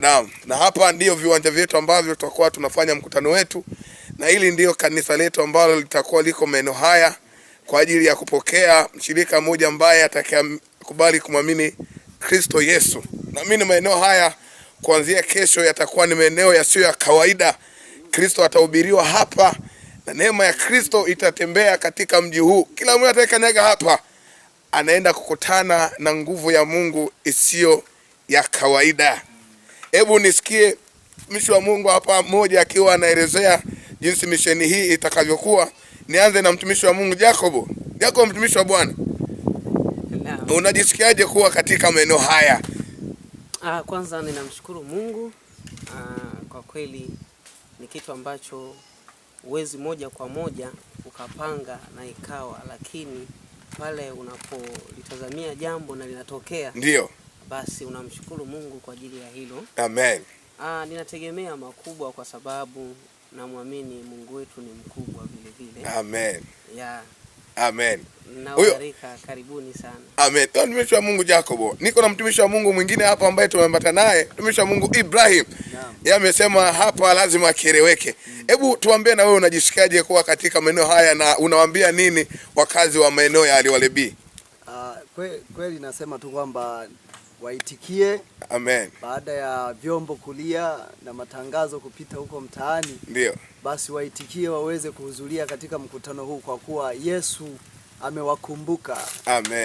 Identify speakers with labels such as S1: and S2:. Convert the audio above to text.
S1: Naam, na hapa ndiyo viwanja vyetu ambavyo tutakuwa tunafanya mkutano wetu, na hili ndiyo kanisa letu ambalo litakuwa liko maeneo haya kwa ajili ya kupokea mshirika mmoja ambaye atakayekubali kumwamini Kristo Yesu. Na mimi maeneo haya kuanzia kesho yatakuwa ni maeneo yasiyo ya kawaida. Kristo atahubiriwa hapa na neema ya Kristo itatembea katika mji huu. Kila mmoja atakayekanyaga hapa anaenda kukutana na nguvu ya Mungu isiyo ya kawaida. Hebu nisikie mtumishi wa Mungu hapa mmoja akiwa anaelezea jinsi misheni hii itakavyokuwa. Nianze na mtumishi wa Mungu Jacobo. Jacobo, mtumishi wa Bwana, unajisikiaje kuwa katika maeneo haya?
S2: Ah, kwanza ninamshukuru Mungu. Ah, kwa kweli ni kitu ambacho huwezi moja kwa moja ukapanga na ikawa, lakini pale unapolitazamia jambo na linatokea, ndio basi unamshukuru Mungu kwa ajili ya hilo. Amen. Ah, ninategemea makubwa kwa sababu namwamini Mungu wetu ni mkubwa vile vile. Amen. Yeah. Amen. Naubarika, karibuni sana.
S1: Amen. Mtumishi wa Mungu Jacobo, niko na mtumishi wa Mungu mwingine hapa ambaye tumeambata naye, mtumishi wa Mungu Ibrahim. Naam. Yeye amesema hapa lazima akieleweke. Mm. Hebu mm, tuambie na wewe unajisikiaje kuwa katika maeneo haya na unawaambia nini wakazi wa maeneo ya Liwale B?
S3: Uh, ah, kweli nasema tu kwamba waitikie Amen. Baada ya vyombo kulia na matangazo kupita huko mtaani, ndio basi waitikie waweze kuhudhuria katika mkutano huu, kwa kuwa Yesu amewakumbuka.
S1: Amen.